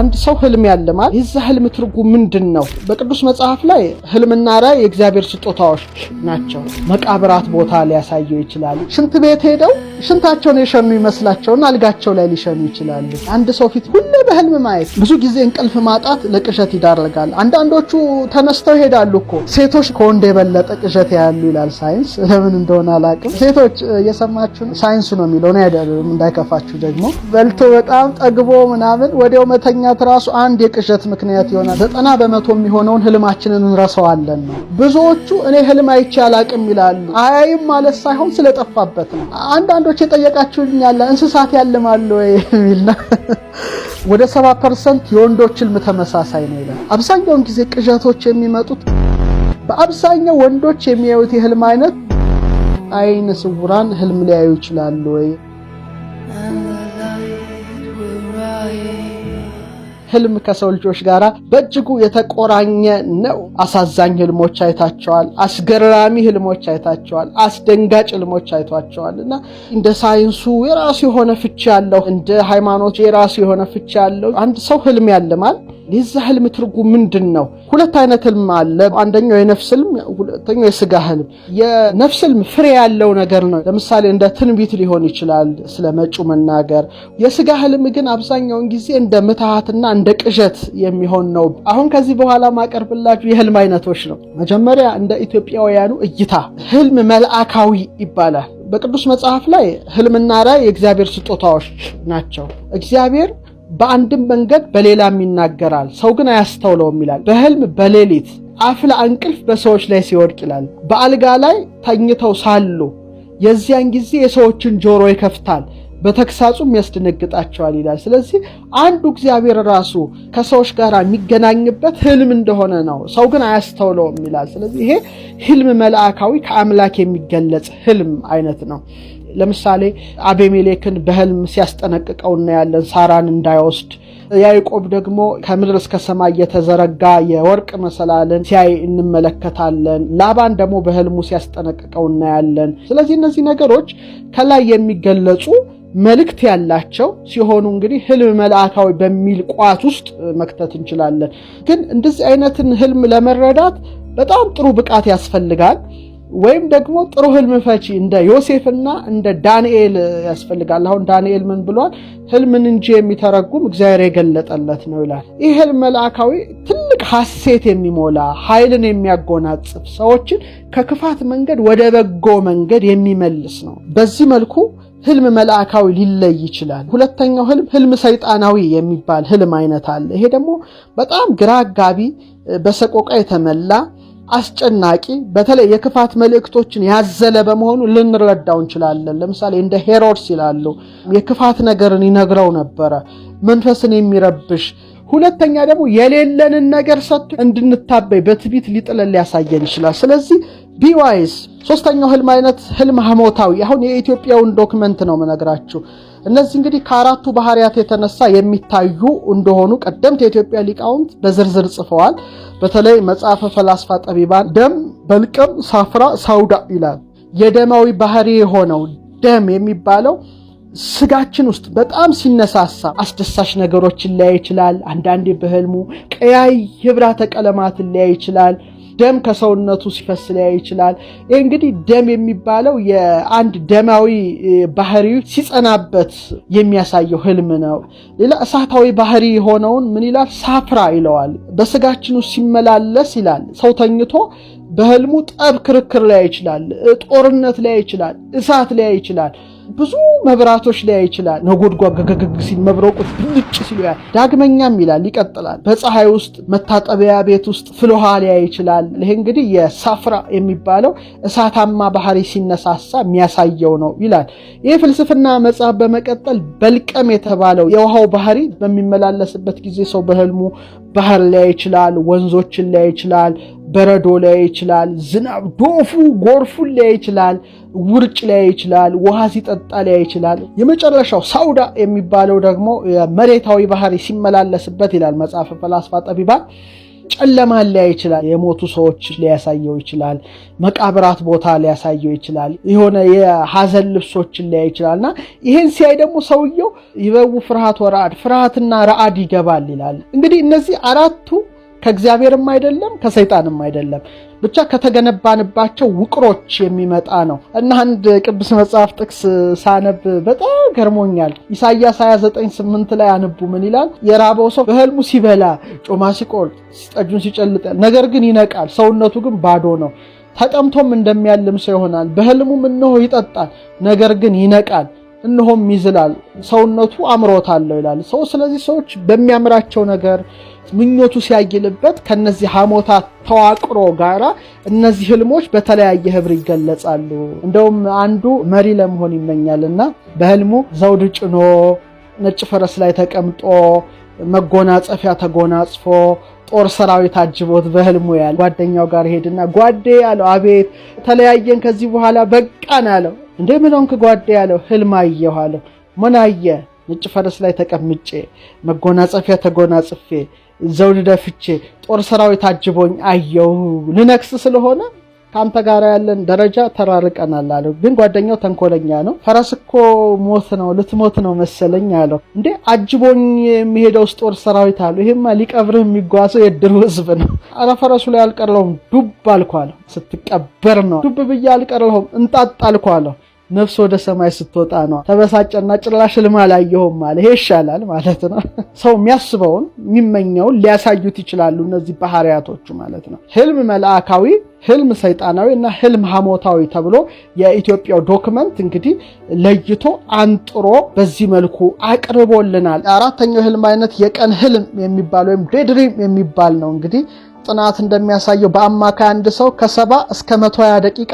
አንድ ሰው ህልም ያልማል። የዛ ህልም ትርጉም ምንድን ነው? በቅዱስ መጽሐፍ ላይ ህልምና ራዕይ የእግዚአብሔር ስጦታዎች ናቸው። መቃብራት ቦታ ሊያሳየው ይችላል። ሽንት ቤት ሄደው ሽንታቸውን የሸኑ ይመስላቸውና አልጋቸው ላይ ሊሸኑ ይችላሉ። አንድ ሰው ፊት ሁሌ በህልም ማየት ብዙ ጊዜ እንቅልፍ ማጣት ለቅዠት ይዳርጋል። አንዳንዶቹ ተነስተው ይሄዳሉ እኮ ሴቶች ከወንድ የበለጠ ቅዠት ያሉ ይላል ሳይንስ። ለምን እንደሆነ አላውቅም። ሴቶች እየሰማችሁ ነው። ሳይንሱ ነው የሚለው አይደለም፣ እንዳይከፋችሁ ደግሞ በልቶ በጣም ጠግቦ ምናምን ወዲያው መተኛ መተኛት ራሱ አንድ የቅዠት ምክንያት ይሆናል። ዘጠና በመቶ የሚሆነውን ህልማችንን እንረሳዋለን ነው። ብዙዎቹ እኔ ህልም አይቼ አላቅም ይላሉ። አያይም ማለት ሳይሆን ስለጠፋበት ነው። አንዳንዶች የጠየቃችሁኝ ያለ እንስሳት ያልማሉ ወይ የሚል ወደ 70 ፐርሰንት የወንዶች ህልም ተመሳሳይ ነው ይላል። አብዛኛውን ጊዜ ቅዠቶች የሚመጡት በአብዛኛው ወንዶች የሚያዩት የህልም አይነት አይነ ስውራን ህልም ሊያዩ ይችላሉ ወይ ህልም ከሰው ልጆች ጋር በእጅጉ የተቆራኘ ነው። አሳዛኝ ህልሞች አይታቸዋል። አስገራሚ ህልሞች አይታቸዋል። አስደንጋጭ ህልሞች አይቷቸዋል። እና እንደ ሳይንሱ የራሱ የሆነ ፍቺ ያለው፣ እንደ ሃይማኖት የራሱ የሆነ ፍቺ ያለው አንድ ሰው ህልም ያልማል። የዛ ህልም ትርጉም ምንድን ነው? ሁለት አይነት ህልም አለ። አንደኛው የነፍስ ህልም፣ ሁለተኛው የስጋ ህልም። የነፍስ ህልም ፍሬ ያለው ነገር ነው። ለምሳሌ እንደ ትንቢት ሊሆን ይችላል፣ ስለ መጪው መናገር። የስጋ ህልም ግን አብዛኛውን ጊዜ እንደ ምትሃትና እንደ ቅዠት የሚሆን ነው። አሁን ከዚህ በኋላ ማቀርብላችሁ የህልም አይነቶች ነው። መጀመሪያ እንደ ኢትዮጵያውያኑ እይታ ህልም መልአካዊ ይባላል። በቅዱስ መጽሐፍ ላይ ህልምና ራእይ የእግዚአብሔር ስጦታዎች ናቸው። እግዚአብሔር በአንድም መንገድ በሌላም ይናገራል፣ ሰው ግን አያስተውለውም ይላል። በህልም በሌሊት አፍላ እንቅልፍ በሰዎች ላይ ሲወድቅ ይላል። በአልጋ ላይ ተኝተው ሳሉ የዚያን ጊዜ የሰዎችን ጆሮ ይከፍታል፣ በተግሳጹም ያስደነግጣቸዋል ይላል። ስለዚህ አንዱ እግዚአብሔር ራሱ ከሰዎች ጋር የሚገናኝበት ህልም እንደሆነ ነው፣ ሰው ግን አያስተውለውም ይላል። ስለዚህ ይሄ ህልም መልአካዊ ከአምላክ የሚገለጽ ህልም አይነት ነው። ለምሳሌ አቤሜሌክን በህልም ሲያስጠነቅቀው እናያለን፣ ሳራን እንዳይወስድ። ያዕቆብ ደግሞ ከምድር እስከ ሰማይ የተዘረጋ የወርቅ መሰላልን ሲያይ እንመለከታለን። ላባን ደግሞ በህልሙ ሲያስጠነቅቀው እናያለን። ስለዚህ እነዚህ ነገሮች ከላይ የሚገለጹ መልእክት ያላቸው ሲሆኑ እንግዲህ ህልም መልአካዊ በሚል ቋት ውስጥ መክተት እንችላለን። ግን እንደዚህ አይነትን ህልም ለመረዳት በጣም ጥሩ ብቃት ያስፈልጋል። ወይም ደግሞ ጥሩ ህልም ፈቺ እንደ ዮሴፍና እንደ ዳንኤል ያስፈልጋል። አሁን ዳንኤል ምን ብሏል? ህልምን እንጂ የሚተረጉም እግዚአብሔር የገለጠለት ነው ይላል። ይህ ህልም መልአካዊ ትልቅ ሐሴት የሚሞላ ኃይልን የሚያጎናጽፍ ሰዎችን ከክፋት መንገድ ወደ በጎ መንገድ የሚመልስ ነው። በዚህ መልኩ ህልም መልአካዊ ሊለይ ይችላል። ሁለተኛው ህልም ህልም ሰይጣናዊ የሚባል ህልም አይነት አለ። ይሄ ደግሞ በጣም ግራ አጋቢ፣ በሰቆቃ የተመላ አስጨናቂ በተለይ የክፋት መልእክቶችን ያዘለ በመሆኑ ልንረዳው እንችላለን። ለምሳሌ እንደ ሄሮድስ ይላሉ የክፋት ነገርን ይነግረው ነበረ፣ መንፈስን የሚረብሽ ሁለተኛ ደግሞ የሌለንን ነገር ሰጥቶ እንድንታበይ በትቢት ሊጥለን ሊያሳየን ይችላል። ስለዚህ ቢዋይስ ሶስተኛው ህልም አይነት ህልም ሐሞታዊ አሁን የኢትዮጵያውን ዶክመንት ነው መነግራችሁ እነዚህ እንግዲህ ከአራቱ ባህሪያት የተነሳ የሚታዩ እንደሆኑ ቀደምት የኢትዮጵያ ሊቃውንት በዝርዝር ጽፈዋል። በተለይ መጽሐፈ ፈላስፋ ጠቢባን ደም፣ በልቅም፣ ሳፍራ፣ ሳውዳ ይላል። የደማዊ ባህሪ የሆነው ደም የሚባለው ስጋችን ውስጥ በጣም ሲነሳሳ አስደሳች ነገሮችን ሊያይ ይችላል። አንዳንዴ በህልሙ ቀያይ ህብራተ ቀለማትን ሊያይ ይችላል። ደም ከሰውነቱ ሲፈስ ሊያይ ይችላል። ይህ እንግዲህ ደም የሚባለው የአንድ ደማዊ ባህሪ ሲጸናበት የሚያሳየው ህልም ነው። ሌላ እሳታዊ ባህሪ የሆነውን ምን ይላል? ሳፍራ ይለዋል። በስጋችን ውስጥ ሲመላለስ ይላል ሰው ተኝቶ በህልሙ ጠብ፣ ክርክር ላይ ይችላል፣ ጦርነት ላይ ይችላል፣ እሳት ላይ ይችላል። ብዙ መብራቶች ላይ ይችላል። ነጎድጓድ ገገግ ሲል መብረቁት ብልጭ ሲሉ ያ ዳግመኛም ይላል ይቀጥላል። በፀሐይ ውስጥ መታጠቢያ ቤት ውስጥ ፍልሃ ሊያ ይችላል። ይህ እንግዲህ የሳፍራ የሚባለው እሳታማ ባህሪ ሲነሳሳ የሚያሳየው ነው ይላል። ይህ ፍልስፍና መጽሐፍ በመቀጠል በልቀም የተባለው የውሃው ባህሪ በሚመላለስበት ጊዜ ሰው በህልሙ ባህር ሊያ ይችላል፣ ወንዞችን ሊያ ይችላል፣ በረዶ ላይ ይችላል፣ ዝናብ ዶፉ ጎርፉን ላይ ይችላል፣ ውርጭ ላይ ይችላል፣ ውሃ ሲጠጣ ላይ ይችላል። የመጨረሻው ሳውዳ የሚባለው ደግሞ መሬታዊ ባህሪ ሲመላለስበት ይላል መጽሐፈ ፈላስፋ ጠቢባን ጨለማን ሊያይ ይችላል። የሞቱ ሰዎች ሊያሳየው ይችላል። መቃብራት ቦታ ሊያሳየው ይችላል። የሆነ የሀዘን ልብሶችን ሊያይ ይችላል እና ይህን ሲያይ ደግሞ ሰውየው ይበው ፍርሃት ወራድ ፍርሃትና ረአድ ይገባል ይላል። እንግዲህ እነዚህ አራቱ ከእግዚአብሔርም አይደለም ከሰይጣንም አይደለም፣ ብቻ ከተገነባንባቸው ውቅሮች የሚመጣ ነው እና አንድ ቅዱስ መጽሐፍ ጥቅስ ሳነብ በጣም ገርሞኛል። ኢሳያስ 29፥8 ላይ አንቡ ምን ይላል? የራበው ሰው በህልሙ ሲበላ ጮማ ሲቆል ጠጁን ሲጨልጥ፣ ነገር ግን ይነቃል፣ ሰውነቱ ግን ባዶ ነው። ተጠምቶም እንደሚያልም ሰው ይሆናል። በህልሙም እነሆ ይጠጣል፣ ነገር ግን ይነቃል እነሆም ይዝላል፣ ሰውነቱ አምሮታለሁ ይላል ሰው። ስለዚህ ሰዎች በሚያምራቸው ነገር ምኞቱ ሲያይልበት ከነዚህ ሐሞታት ተዋቅሮ ጋራ እነዚህ ህልሞች በተለያየ ህብር ይገለጻሉ። እንደውም አንዱ መሪ ለመሆን ይመኛል እና በህልሙ ዘውድ ጭኖ ነጭ ፈረስ ላይ ተቀምጦ መጎናጸፊያ ተጎናጽፎ ጦር ሰራዊት አጅቦት በህልሙ ያለ ጓደኛው ጋር ሄድና ጓዴ ያለው አቤት ተለያየን ከዚህ በኋላ በቃን አለው። እንዴ ምን ሆንክ ጓዴ ያለው ህልም አየሁ አለው። ምን አየ? ነጭ ፈረስ ላይ ተቀምጬ መጎናጸፊያ ተጎናጽፌ ዘውድ ደፍቼ ጦር ሰራዊት አጅቦኝ አየው ልነክስ ስለሆነ ከአንተ ጋር ያለን ደረጃ ተራርቀናል አለው። ግን ጓደኛው ተንኮለኛ ነው። ፈረስ እኮ ሞት ነው ልትሞት ነው መሰለኝ አለው። እንዴ አጅቦኝ የሚሄደውስ ጦር ሰራዊት አሉ። ይሄማ ሊቀብርህ የሚጓዘው የድሩ ህዝብ ነው። አረ ፈረሱ ላይ አልቀረውም ዱብ አልኳለሁ። ስትቀበር ነው ዱብ ብዬ አልቀረውም እንጣጣ አልኳለሁ። ነፍስ ወደ ሰማይ ስትወጣ ነው። ተበሳጨና ጭራሽ ልማ አላየሁም አለ። ይሄ ይሻላል ማለት ነው። ሰው የሚያስበውን የሚመኘውን ሊያሳዩት ይችላሉ እነዚህ ባህሪያቶቹ ማለት ነው። ህልም መልአካዊ ህልም ሰይጣናዊ እና ህልም ሐሞታዊ ተብሎ የኢትዮጵያው ዶክመንት እንግዲህ ለይቶ አንጥሮ በዚህ መልኩ አቅርቦልናል። አራተኛው ህልም አይነት የቀን ህልም የሚባል ወይም ዴድሪም የሚባል ነው። እንግዲህ ጥናት እንደሚያሳየው በአማካይ አንድ ሰው ከሰባ እስከ መቶ ሃያ ደቂቃ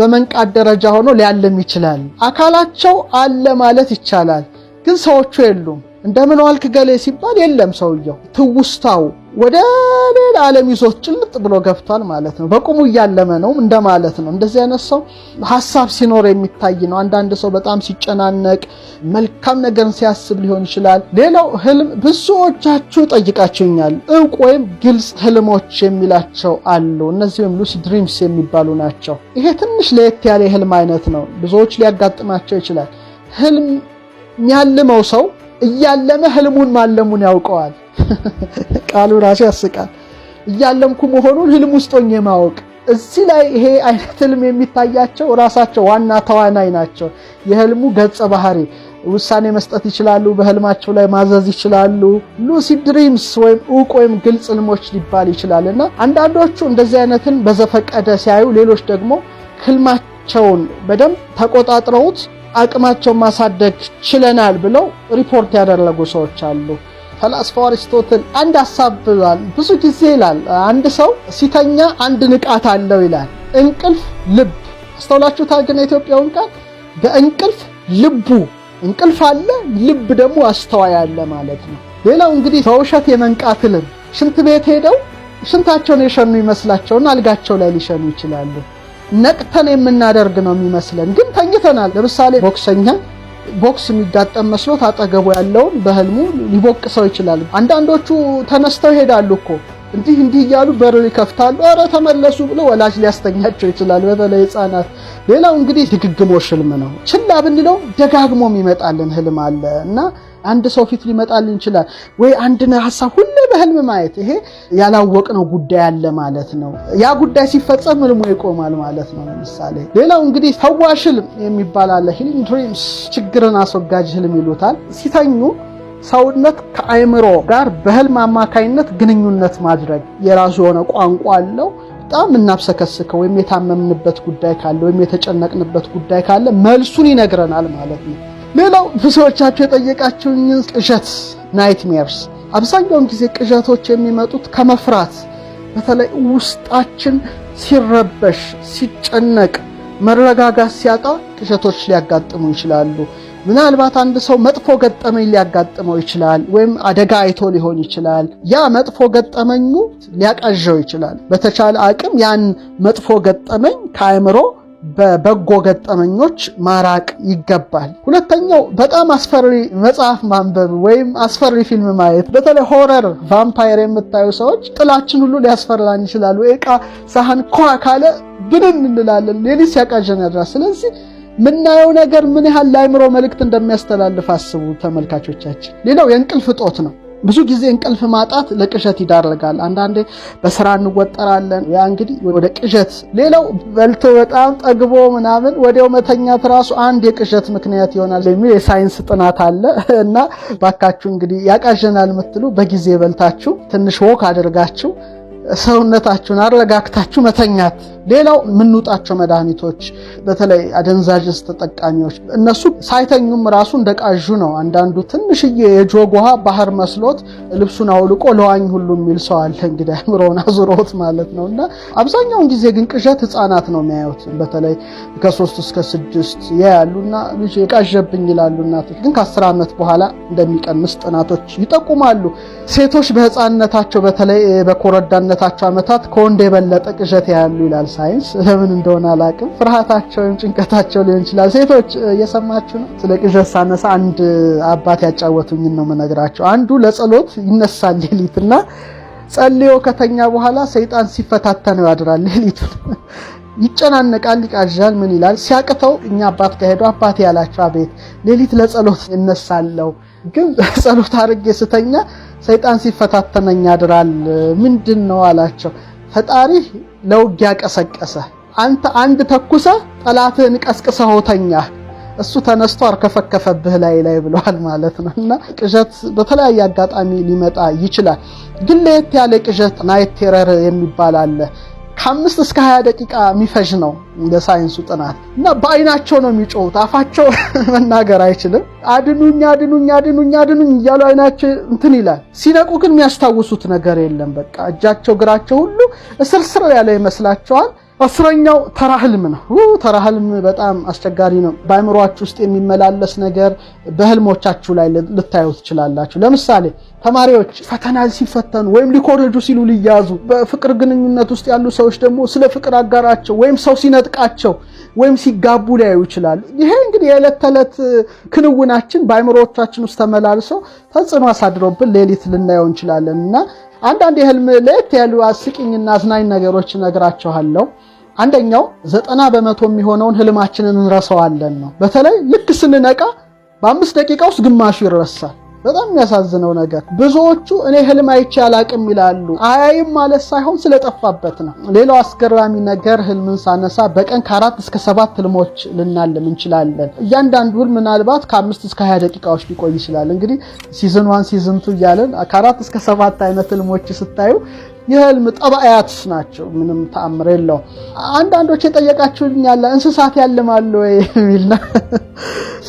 በመንቃት ደረጃ ሆኖ ሊያለም ይችላል። አካላቸው አለ ማለት ይቻላል፣ ግን ሰዎቹ የሉም። እንደምን ዋልክ ገሌ ሲባል የለም ሰውየው ትውስታው ወደ ሌላ ዓለም ይዞት ጭልጥ ብሎ ገብቷል ማለት ነው። በቁሙ እያለመ ነው እንደማለት ነው። እንደዚህ አይነት ሰው ሀሳብ ሲኖር የሚታይ ነው። አንዳንድ ሰው በጣም ሲጨናነቅ መልካም ነገርን ሲያስብ ሊሆን ይችላል። ሌላው ህልም፣ ብዙዎቻችሁ ጠይቃችሁኛል። እውቅ ወይም ግልጽ ህልሞች የሚላቸው አሉ። እነዚህ ሉስ ድሪምስ የሚባሉ ናቸው። ይሄ ትንሽ ለየት ያለ የህልም አይነት ነው። ብዙዎች ሊያጋጥማቸው ይችላል። ህልም የሚያልመው ሰው እያለመ ህልሙን ማለሙን ያውቀዋል። ቃሉ ራሱ ያስቃል። እያለምኩ መሆኑን ህልም ውስጦኝ ማወቅ እዚህ ላይ ይሄ አይነት ህልም የሚታያቸው ራሳቸው ዋና ተዋናይ ናቸው። የህልሙ ገጸ ባህሪ ውሳኔ መስጠት ይችላሉ። በህልማቸው ላይ ማዘዝ ይችላሉ። ሉሲድ ድሪምስ ወይም ዕውቅ ወይም ግልጽ ህልሞች ሊባል ይችላል እና አንዳንዶቹ እንደዚህ አይነትን በዘፈቀደ ሲያዩ፣ ሌሎች ደግሞ ህልማቸውን በደንብ ተቆጣጥረውት አቅማቸውን ማሳደግ ችለናል ብለው ሪፖርት ያደረጉ ሰዎች አሉ። ፈላስፋው አሪስቶትል አንድ ሀሳብ ብሏል። ብዙ ጊዜ ይላል አንድ ሰው ሲተኛ አንድ ንቃት አለው ይላል። እንቅልፍ ልብ አስተውላችሁታል? ግን የኢትዮጵያውን ቃል በእንቅልፍ ልቡ እንቅልፍ አለ፣ ልብ ደግሞ አስተዋይ አለ ማለት ነው። ሌላው እንግዲህ በውሸት የመንቃት ልም ሽንት ቤት ሄደው ሽንታቸውን የሸኑ ይመስላቸውና አልጋቸው ላይ ሊሸኑ ይችላሉ። ነቅተን የምናደርግ ነው የሚመስለን፣ ግን ተኝተናል። ለምሳሌ ቦክሰኛ ቦክስ የሚጋጠም መስሎት አጠገቡ ያለውን በህልሙ ሊቦቅ ሰው ይችላል። አንዳንዶቹ ተነስተው ይሄዳሉ እኮ እንዲህ እንዲህ እያሉ በር ይከፍታሉ። ኧረ ተመለሱ ብሎ ወላጅ ሊያስተኛቸው ይችላል፣ በተለይ ህጻናት። ሌላው እንግዲህ ድግግሞሽ ህልም ነው። ችላ ብንለው ደጋግሞ የሚመጣልን ህልም አለ እና አንድ ሰው ፊት ሊመጣልን ይችላል ወይ አንድን ሀሳብ ሁሌ በህልም ማየት፣ ይሄ ያላወቅነው ጉዳይ አለ ማለት ነው። ያ ጉዳይ ሲፈጸም ህልሙ ይቆማል ማለት ነው። ለምሳሌ ሌላው እንግዲህ ፈዋሽ ህልም የሚባል አለ። ሂሊንግ ድሪምስ ችግርን አስወጋጅ ህልም ይሉታል። ሲተኙ ሰውነት ከአእምሮ ጋር በህልም አማካኝነት ግንኙነት ማድረግ የራሱ የሆነ ቋንቋ አለው። በጣም እናብሰከስከው ወይም የታመምንበት ጉዳይ ካለ ወይም የተጨነቅንበት ጉዳይ ካለ መልሱን ይነግረናል ማለት ነው። ሌላው ብዙዎቻችሁ የጠየቃችሁኝ ቅዠት ናይትሜርስ። አብዛኛውን ጊዜ ቅዠቶች የሚመጡት ከመፍራት በተለይ ውስጣችን ሲረበሽ፣ ሲጨነቅ፣ መረጋጋት ሲያጣ ቅዠቶች ሊያጋጥሙ ይችላሉ። ምናልባት አንድ ሰው መጥፎ ገጠመኝ ሊያጋጥመው ይችላል፣ ወይም አደጋ አይቶ ሊሆን ይችላል። ያ መጥፎ ገጠመኙ ሊያቃዣው ይችላል። በተቻለ አቅም ያን መጥፎ ገጠመኝ ከአእምሮ በበጎ ገጠመኞች ማራቅ ይገባል። ሁለተኛው በጣም አስፈሪ መጽሐፍ ማንበብ ወይም አስፈሪ ፊልም ማየት፣ በተለይ ሆረር ቫምፓየር የምታዩ ሰዎች ጥላችን ሁሉ ሊያስፈራን ይችላሉ። እቃ ሳህን ኳ ካለ ብንን እንላለን፣ ሌሊት ሲያቃዠን ያድራ። ስለዚህ ምናየው ነገር ምን ያህል ለአይምሮ መልእክት እንደሚያስተላልፍ አስቡ ተመልካቾቻችን። ሌላው የእንቅልፍ እጦት ነው። ብዙ ጊዜ እንቅልፍ ማጣት ለቅዠት ይዳረጋል። አንዳንዴ በስራ እንወጠራለን። ያ እንግዲህ ወደ ቅዠት። ሌላው በልቶ በጣም ጠግቦ ምናምን ወዲያው መተኛት ራሱ አንድ የቅዠት ምክንያት ይሆናል የሚል የሳይንስ ጥናት አለ እና ባካችሁ እንግዲህ ያቃዥናል የምትሉ በጊዜ በልታችሁ ትንሽ ወክ አድርጋችሁ ሰውነታችሁን አረጋግታችሁ መተኛት ሌላው የምንውጣቸው መድኃኒቶች በተለይ አደንዛዥስ ተጠቃሚዎች እነሱ ሳይተኙም ራሱ እንደ ቃዥ ነው። አንዳንዱ ትንሽዬ የጆግ ውሃ ባህር መስሎት ልብሱን አውልቆ ለዋኝ ሁሉ የሚል ሰው አለ። እንግዲህ አእምሮውን አዙሮት ማለት ነው። እና አብዛኛውን ጊዜ ግን ቅዠት ህፃናት ነው የሚያዩት። በተለይ ከሶስት እስከ ስድስት ያሉና ልጅ የቃዠብኝ ይላሉ እናቶች። ግን ከአስር ዓመት በኋላ እንደሚቀንስ ጥናቶች ይጠቁማሉ። ሴቶች በህፃንነታቸው በተለይ በኮረዳነታቸው ዓመታት ከወንድ የበለጠ ቅዠት ያያሉ ይላል ሳይንስ ለምን እንደሆነ አላቅም ፍርሃታቸው ወይም ጭንቀታቸው ሊሆን ይችላል። ሴቶች እየሰማችሁ ነው። ስለ ቅዠት ሳነሳ አንድ አባት ያጫወቱኝን ነው የምነግራቸው። አንዱ ለጸሎት ይነሳል ሌሊት እና ጸልዮ ከተኛ በኋላ ሰይጣን ሲፈታተነው ያድራል ሌሊቱን ይጨናነቃል፣ ይቃዣል። ምን ይላል ሲያቅተው እኛ አባት ከሄዱ አባቴ ያላቸው አቤት ሌሊት ለጸሎት ይነሳለው ግን ጸሎት አድርጌ ስተኛ ሰይጣን ሲፈታተነኝ ያድራል። ምንድን ነው አላቸው ፈጣሪ ለውጊያ ቀሰቀሰ። አንተ አንድ ተኩሰ ጠላትህን ቀስቅሰ ሆተኛ እሱ ተነስቶ አርከፈከፈብህ ላይ ላይ ብለዋል ማለት ነው። እና ቅዠት በተለያየ አጋጣሚ ሊመጣ ይችላል። ግን ለየት ያለ ቅዠት ናይት ቴረር የሚባል አለ። ከአምስት እስከ ሀያ ደቂቃ የሚፈጅ ነው እንደ ሳይንሱ ጥናት እና በአይናቸው ነው የሚጮሁት። አፋቸው መናገር አይችልም። አድኑኝ አድኑኝ አድኑኝ አድኑኝ እያሉ አይናቸው እንትን ይላል። ሲነቁ ግን የሚያስታውሱት ነገር የለም። በቃ እጃቸው፣ እግራቸው ሁሉ እስርስር ያለ ይመስላችኋል። አስረኛው ተራ ህልም ነው። ተራ ህልም በጣም አስቸጋሪ ነው። በአእምሯችሁ ውስጥ የሚመላለስ ነገር በህልሞቻችሁ ላይ ልታዩ ትችላላችሁ። ለምሳሌ ተማሪዎች ፈተና ሲፈተኑ ወይም ሊኮረጁ ሲሉ ሊያዙ፣ በፍቅር ግንኙነት ውስጥ ያሉ ሰዎች ደግሞ ስለ ፍቅር አጋራቸው ወይም ሰው ሲነጥቃቸው ወይም ሲጋቡ ሊያዩ ይችላሉ። ይሄ እንግዲህ የዕለት ተዕለት ክንውናችን በአይምሮዎቻችን ውስጥ ተመላልሶ ተጽዕኖ አሳድሮብን ሌሊት ልናየው እንችላለን እና አንዳንድ የህልም ለየት ያሉ አስቂኝና አዝናኝ ነገሮች እነግራችኋለሁ። አንደኛው ዘጠና በመቶ የሚሆነውን ህልማችንን እንረሰዋለን ነው። በተለይ ልክ ስንነቃ በአምስት ደቂቃ ውስጥ ግማሹ ይረሳል። በጣም የሚያሳዝነው ነገር ብዙዎቹ እኔ ህልም አይቼ አላቅም ይላሉ። አያይም ማለት ሳይሆን ስለጠፋበት ነው። ሌላው አስገራሚ ነገር ህልምን ሳነሳ በቀን ከአራት እስከ ሰባት ህልሞች ልናልም እንችላለን። እያንዳንዱ ህልም ምናልባት ከአምስት እስከ ሀያ ደቂቃዎች ሊቆይ ይችላል። እንግዲህ ሲዝን ዋን ሲዝን ቱ እያለን ከአራት እስከ ሰባት አይነት ህልሞች ስታዩ የህልም ጠባያት ናቸው። ምንም ተአምር የለው። አንዳንዶች የጠየቃችሁኝ ያለ እንስሳት ያልማሉ ወይ የሚልና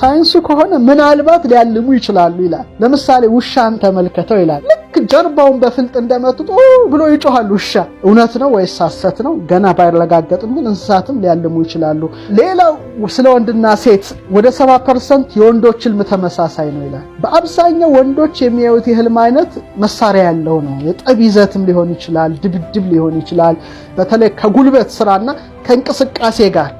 ሳይንሱ ከሆነ ምናልባት ሊያልሙ ይችላሉ ይላል። ለምሳሌ ውሻን ተመልከተው ይላል። ልክ ጀርባውን በፍልጥ እንደመጡት ብሎ ይጮኋል ውሻ። እውነት ነው ወይስ ሐሰት ነው ገና ባይረጋገጥም፣ ግን እንስሳትም ሊያልሙ ይችላሉ። ሌላው ስለ ወንድና ሴት ወደ 70 ፐርሰንት የወንዶች ህልም ተመሳሳይ ነው ይላል። በአብዛኛው ወንዶች የሚያዩት የህልም አይነት መሳሪያ ያለው ነው። የጠብ ይዘትም ሊሆን ይችላል ይችላል፣ ድብድብ ሊሆን ይችላል። በተለይ ከጉልበት ስራና ከእንቅስቃሴ ጋር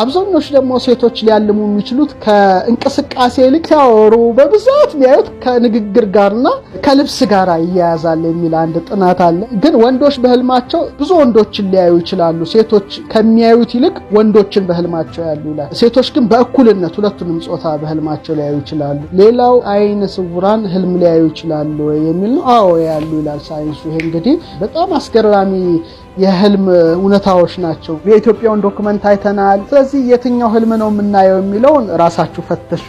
አብዛኞቹ ደግሞ ሴቶች ሊያልሙ የሚችሉት ከእንቅስቃሴ ይልቅ ሲያወሩ በብዛት የሚያዩት ከንግግር ጋርና ከልብስ ጋር እያያዛል የሚል አንድ ጥናት አለ። ግን ወንዶች በህልማቸው ብዙ ወንዶችን ሊያዩ ይችላሉ። ሴቶች ከሚያዩት ይልቅ ወንዶችን በህልማቸው ያሉ ይላል። ሴቶች ግን በእኩልነት ሁለቱንም ጾታ በህልማቸው ሊያዩ ይችላሉ። ሌላው አይነ ስውራን ህልም ሊያዩ ይችላሉ የሚል ነው። አዎ ያሉ ይላል ሳይንሱ። ይሄ እንግዲህ በጣም አስገራሚ የህልም እውነታዎች ናቸው። የኢትዮጵያውን ዶክመንት አይተናል። ስለዚህ የትኛው ህልም ነው የምናየው የሚለውን ራሳችሁ ፈተሹ።